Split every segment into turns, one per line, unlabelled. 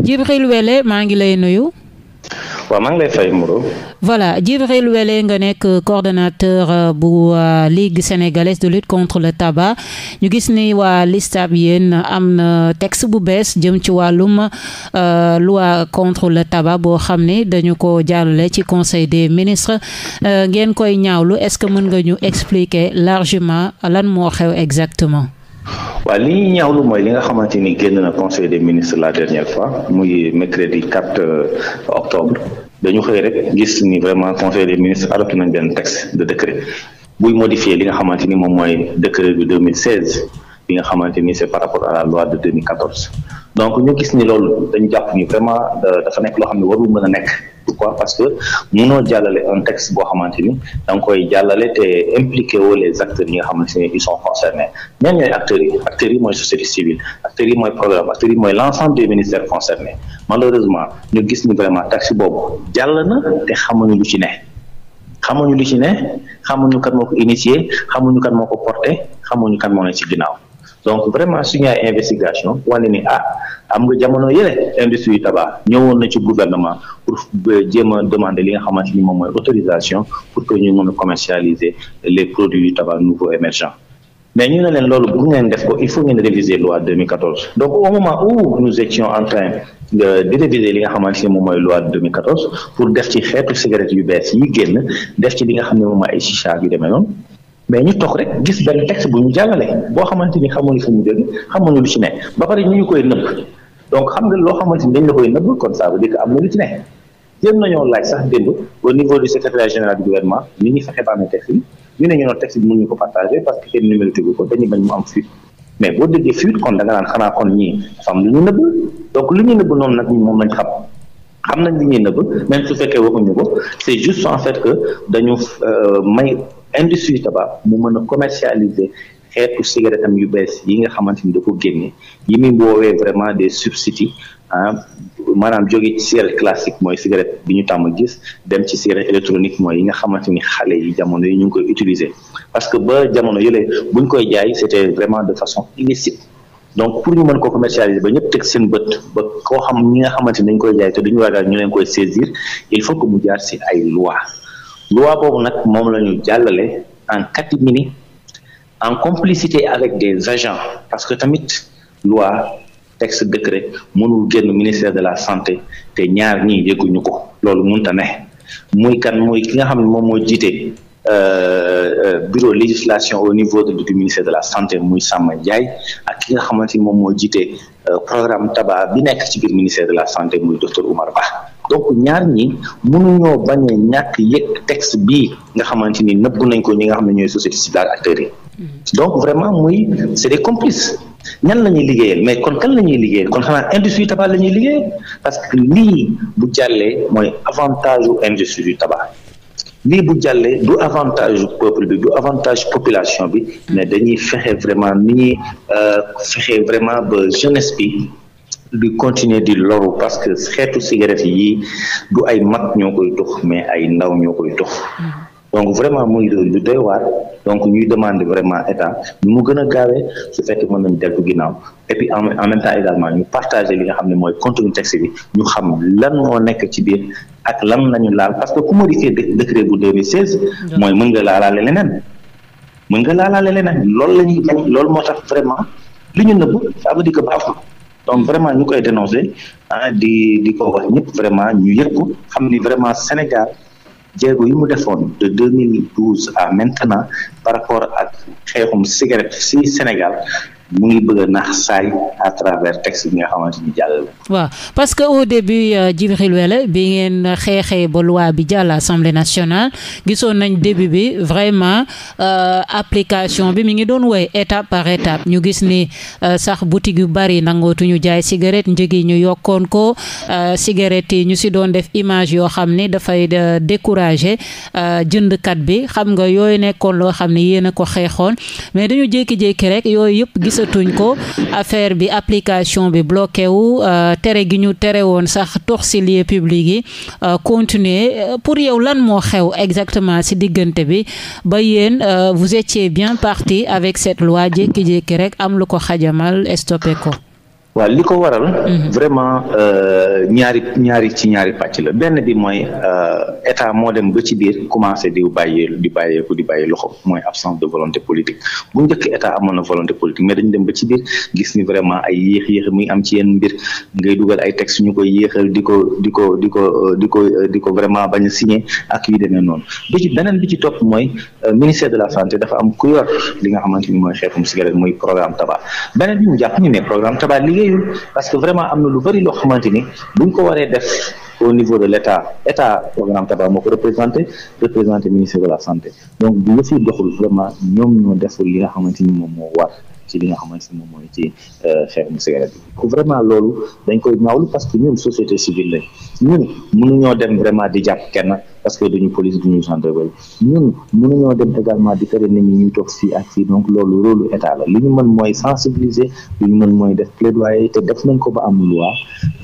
Djibril Wele maa ngi lay nuyu.
waaw maa ngi lay fay Moreau.
voilà Djibril Wele nga nekk coordonnateur euh, bu euh, Ligue sénégalaise de lutte contre le tabac ñu gis ni waa LISTAB yéen am na texte bu bees jëm ci wàllum euh, loi contre le tabac boo xam ni dañu ko jàllale ci conseil des ministres ngeen koy ñaawlu est-ce que mën nga ñu expliquer largement lan moo xew exactement.
waaw li ñuy lu mooy li nga xamante ni génn na conseil des ministres la dernière fois muy mercredi 4 euh, octobre dañu xëy rek gis ni vraiment conseil des ministre adopté nañ benn texte de décret buy modifier li nga xamante ni moom mooy décret bi 2016 bi nga xamante ni c'est par rapport à la loi de 2014 donc ñu gis ni loolu dañu jàpp ni vraiment euh, dafa nekk loo xam ne warul mën a nekk. pourquoi parce que mënoo jàllale un texte boo xamante ni da koy jàllale te impliqué woo les acteurs yi nga xamante ni ils sont concernés ñoom ñooy acteurs yi acteurs yi mooy société civile acteurs yi mooy programme acteurs yi mooy l' ensemble des ministères concernés malheureusement ñu gis ni vraiment texte boobu jàll na te xamuñu lu ci ne xamuñu lu ci ne xamuñu kan moo ko initié xamuñu kan moo ko porté xamuñu kan moo ne ci ginnaaw donc vraiment suñu ay investigation wane ni ah am nga jamono yële industrie yu ñëwoon na ci gouvernement pour euh, jéem a demander li nga xamante ni moom mooy autorisation pour que ñu mën a commercialiser les produits yu tabac nouveaux mais ñu ne leen loolu bu ngeen def ko il faut ngeen réviser loi 2014 donc au moment où nous étions en train di réviser li nga xamante ni moom mooy loi 2014 pour def ci xeetu cigarette yu bees yi génn def ci li nga xam ne moom mooy ay chicha yu mais ñu toog rek gis benn texte bu ñu jàllale boo xamante ni xamuñu fu mu jóge xamuñu lu ci ne ba pare ñu ngi koy nëbb xam nga loo xamante ni dañ la koy nëbb kon ça na lu ci ne jéem au niveau du secrétariat général ni ñu ne ñu noon texte bi mënuñu ko que kenn numéroté ko dañuy bañ mu am kon da nga naan xanaa kon nëbb donc lu ñuy nëbb noonu nag moom lañ xam xam nañ li ñuy nëbb mais su fekkee waxuñu ko c'est juste en fait que dañu euh, may industrie tabac mu mën a commercialiser xeetu cigarette am yu bees yi nga xamante ni da ko génne yi muy woowee vraiment des substituts ah maanaam joge ci cigarette classique mooy cigarette bi ñu tàmm gis dem ci cigarette électronique yi nga xamante ni xale yi jamono yi ñu ngi koy utiliser parce que ba jamono yële buñ koy jaay c'était vraiment de façon illicite donc pour ñu mën ko commercialiser ba ñëpp teg seen bët ba koo xam ñi nga xamante ni dañ koy jaay te duñu ragal ñu leen koy saisir il faut que mu jaar si ay loi loi boobu nag moom la ñu jàllale en catimini en complicité avec des agents parce que tamit loi texte décret mënul génn ministère de la santé te ñaar ñii yëguñu ko loolu mënta ne muy kan muy ki nga xam ne moom moo jiite euh, euh, bureau législation au niveau du ministère de la santé muy sàmma Ndiaye ak ki nga xamante ni moom moo jiite euh, programme tabac bi nekk ci biir ministère de la santé muy docteur Oumar Ba donc ñaar ñi mënuñoo bañ a ñàkk yëg texte bii nga xamante ni nëbbu nañ ko ñi nga xam ne ñooy société civile acteurs yi mhm. donc vraiment muy c'est des complices ñan la ñuy liggéeyal mais kon kan la ñuy liggéeyal kon xanaa industrie tabac la ñuy liggéeyal parce que lii bu jàllee mooy avantage u industrie du tabac lii bu jàllee du avantage peuple bi du avantage population bi mhm. mais dañuy fexe vraiment ni ñuy euh, fexe vraiment ba jeunesse bi di continuer di loru parce que xeetu cigarette yi du ay mag ñoo koy tux mais ay ndaw ñoo koy tux mm-hmm. donc vraiment muy lu doy waar donc ñuy demande vraiment état ñu mu gën a gaawee su fekkee mën nañu dellu ginnaaw et puis en en également ñu partager li nga xam ne mooy contenu texte bi ñu xam lan moo nekk ci biir ak lan lañu laal parce que ku modifier décret bu 2016 mm-hmm. mooy mën nga laalaale leneen mën nga laalaale leneen loolu la ñuy bañ loolu moo tax vraiment li donc vraiment ñu koy dénoncer ah di di ko wax ñëpp vraiment ñu yëg ko xam ni vraiment Sénégal jéego yi mu defoon de 2012 à maintenant par rapport ak xeexum cigarette si Sénégal mu ngi bëgg a nax saay à travers bi nga xamante ni jàll
la. parce que au début euh, Djibril Welle bi ngeen xeexee ba loi bi jàll assemblée nationale gisoon nañ début bi vraiment euh, application bi mu ngi doon woy étape par étape ñu gis ni euh, sax boutique yu bari nangootuñu jaay cigarette njëg yi ñu yokkoon ko cigarette yi ñu si doon def image yoo xam ni dafay décourager jëndkat bi xam nga yooyu nekkoon loo xam ne yéen a ko xeexoon mais dañu jékki-jékki rek yooyu yëpp gisatuñ ko affaire bi application bi bloqué wu euh, tere gi ñu tere woon sax tox si lieu public yi euh, continuer euh, pour yow lan moo xew exactement si diggante bi ba yéen vous étiez bien parti avec cette loi jékki-jékki rek am lu ko xajamal stoppé ko
waaw li ko waral. Mhm. vraiment euh, ñaari ñaari ci ñaari pàcc la benn bi mooy euh, état moo dem ba ci biir commencé di bàyyi di bàyyeeku di bàyyi loxo mooy absence de volonté politique bu njëkk état amoon na volonté politique mais dañu dem ba ci biir gis ni vraiment ay yéex yéex muy am ci yenn mbir ngay dugal ay texte ñu koy yéexal di ko di ko di ko euh, di ko di ko vraiment bañ a signé ak yu demee noonu bi ci beneen bi ci topp mooy ministère de la santé dafa am ku li nga xamante ni mooy xeetum cigarette muy programme tabac beneen doyul parce que vraiment am na lu bëri loo xamante buñ ko waree def au niveau de l' état état programme tabac moo représenté représenté ministère de la santé donc bu yëf yi doxul vraiment ñoom ñoo deful li nga xamante ni moom moo war ci li nga xamante ni moom mooy ci euh, xeexum cigarette bi vraiment loolu dañ koy ñaawlu parce que ñun société civile lañ ñun mënuñoo dem vraiment di jàpp kenn. parce que duñu police duñu gendarmerie ñun mënuñoo dem également di tere nit ñi ñuy toog fii ak fii donc loolu rôle état la li ñu mën mooy sensibiliser li ñu mën mooy def plaidoyer te def nañ ko ba am loi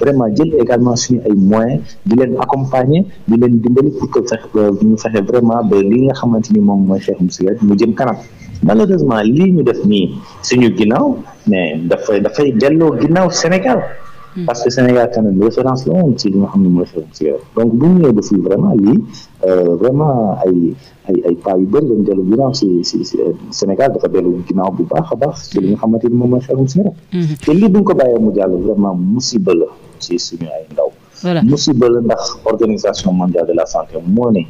vraiment jël également suñu ay moyens di leen accompagner di leen dimbali pour que fexe euh, ñu fexe vraiment ba li nga xamante ni moom mooy xeexum cigarette mu jëm kanam malheureusement lii ñu def nii suñu ginnaaw mais dafay dafay delloo ginnaaw Sénégal Hmm. parce que Sénégal quand même référence la woon ci li nga xam ne mooy référence yooyu donc bu ñu ñëwee ba euh, vraiment ay ay ay pas yu bëri lañ dellu ginnaaw si si euh, Sénégal dafa dellu ginnaaw bu baax a baax ci li nga xamante ni moom mooy xelum hmm. si te lii bu mu jàll vraiment musiba la ci suñu ay ndaw. voilà musiba la ndax organisation mondiale de la santé moo ne.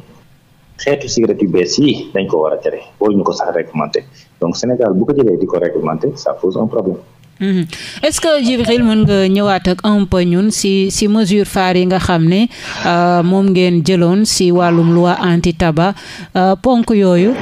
xeetu cigarette yu bees yi dañ ko war a tere ñu ko sax réglementé donc Sénégal bu ko jëlee di ko réglementé ça pose un problème.
Mhm. est-ce que Djibril mën nga ñëwaat ak un peu si si mesure phare yi nga xam ne euh, moom ngeen jëloon si wàllum loi anti tabac euh, ponk yooyu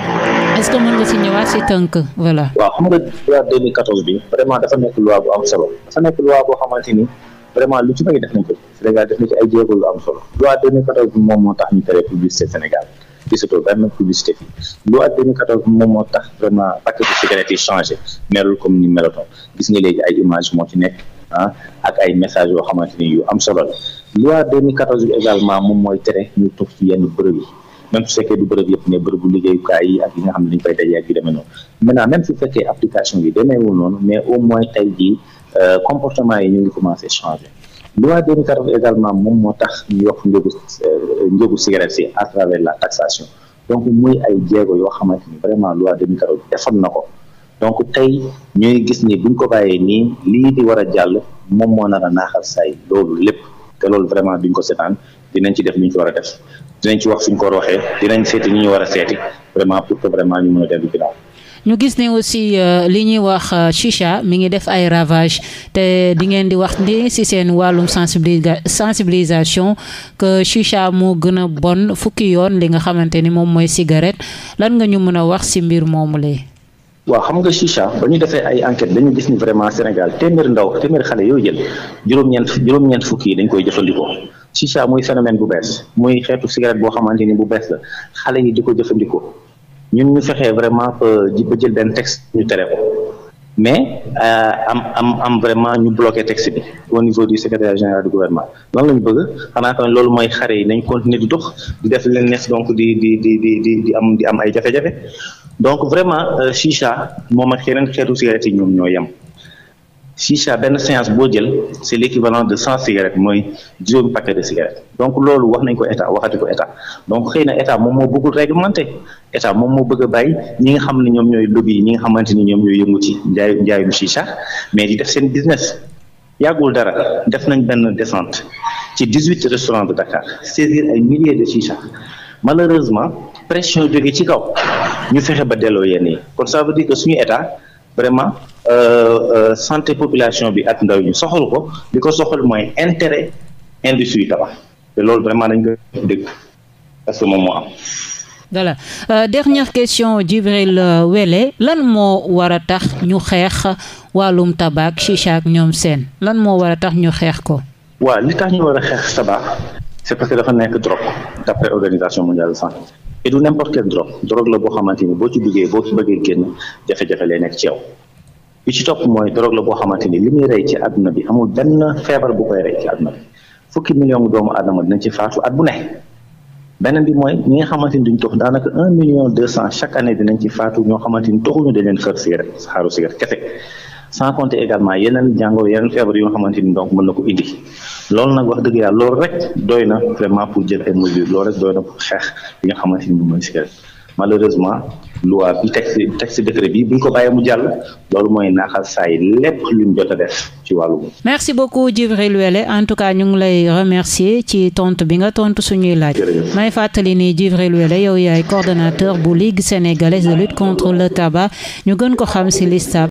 est-ce que mën nga si ñëwaat si tënk voilà.
waaw xam nga loi 2014 bi vraiment dafa nekk loi bu am solo dafa nekk loi boo xamante ni vraiment lu ci bëri def nañ Sénégal def na ci ay jéego lu am solo. loi 2014 bi moom moo tax ñu tere publicité Sénégal. gisatoo benn publicité fii loi 2014 moo tax vraiment paquet de cigarette yi changé melul comme ni melo melotoon gis nga léegi ay image moo ci nekk ah, ak ay message yoo xamante ni yu am solo la loi 2014 bi également moom mooy tere ñu toog ci yenn bërëb yi même su fekkee du bërëb yëpp ne bërëbu liggéeyukaay yi ak yi nga xam ne dañu fay daje ak yu demee noonu maintenant même su fekkee application yi demeewul noonu mais au moins tey jii euh, comportement yi ñu ngi commencé changé loi 2014 également moom moo tax ñu yokk njëgu euh, njëgu cigarette si à travers la taxation donc muy ay jéego yoo xamante ni vraiment loi 2014 defoon na ko donc tey ñooy gis ni buñ ko bàyyee nii lii di war a jàll moom moo nar a naaxal say loolu lépp te loolu vraiment duñ ko seetaan dinañ ci def li ñu ko war a def dinañ ci wax fi ñu ko waxee dinañ seeti ñu ñu war a seeti vraiment pour que vraiment ñu mën a dellu ginnaaw
ñu gis ni aussi euh, li ñuy wax euh, chicha mi ngi def ay ravage te di ngeen di wax ni si seen wàllum sensibilisa sensibilisation que chicha moo gën a bon fukki yoon li nga xamante ni moom mooy cigarette lan nga ñu mën a wax si mbir moomu la
waaw xam nga chicha ba ñu defee ay enquête dañu gis ni vraiment Sénégal téeméer ndaw téeméer xale yoo jël juróom-ñeent juróom-ñeent fukki dañ koy jëfandikoo chicha muy phénomène bu bees muy xeetu cigarette boo xamante ni bu bees la xale yi di ko jëfandikoo ñun ñu fexee vraiment ba jël benn texte ñu tere ko mais euh, am am am vraiment ñu bloqué texte bi au niveau du secrétaire général du gouvernement loolu la ñu bëgg xanaa kon loolu mooy xare yi nañ continuer di dox di def leen neex donc di di di di di am di am ay jafe-jafe donc vraiment euh, chicha moom ak yeneen xeetu cigarette yi ñoom ñoo yem. chicha benn séance boo jël c' est l' équivalent de cent cigarettes mooy juróomi paquet de cigarettes donc loolu wax nañ ko état waxati ko état donc xëy na état moom moo bëggul réglementé état moom moo bëgg a bàyyi ñi nga xam ne ñoom ñooy lobby yi ñi nga xamante ni ñoom ñooy yëngu ci njaayu njaayum chicha mais di def seen business yàggul dara def nañ benn descente ci dix huit restaurants de Dakar saisir ay milliers de chicha malheureusement pression jóge ci kaw ñu fexe ba delloo yenn yi kon ça veut dire que suñu vraiment euh, euh, santé population bi ak ndaw ñu soxal ko li ko soxal mooy intérêt industrie tabax te loolu vraiment dañ ko dégg que moom moo am.
voilà euh, dernière question Djibril euh, wele lan moo war a tax ñu xeex wàllum tabac chicha ak ñoom seen lan moo war a tax ñu xeex ko.
waaw li tax ñu war a xeex tabac c'est parce que dafa nekk drogue d'après organisation mondiale de santé. et du n'importe quelle drogue drogue la boo xamante ni boo ci duggee boo ci bëggee génn jafe-jafe lay nekk ci yow bi ci topp mooy drogue la boo xamante ni li muy rey ci àdduna bi amul benn feebar bu koy rey ci àdduna bi fukki million doomu adama dina ci faatu at bu ne beneen bi mooy ñi nga xamante ni duñ tox daanaka un million cent chaque année dinañ ci faatu ñoo xamante ni toxuñu dañ leen xër cigarette saxaaru cigarette kese sans compter également yeneen jàngoo yeneen feebar yu nga xamante ni donc mën na ko indi loolu nag wax dëgg yàlla loolu rek doy na vraiment pour jël ay mesures loolu rek doy na pour xeex li nga xamante ni mooy cigarette malheureusement loi bi texte texte décret bi bu ñu ko bàyyee mu jàll loolu mooy naaxal saay yi lépp luñ jot a def ci wàllu boobu.
merci beaucoup Djibril wele en tout cas ñu ngi lay remercier ci tont bi nga tont suñuy laaj. may fàttali ni Djibril Welle yow yaay coordonnateur bu Ligue sénégalaise de lutte contre le ñu gën ko xam ci Lista.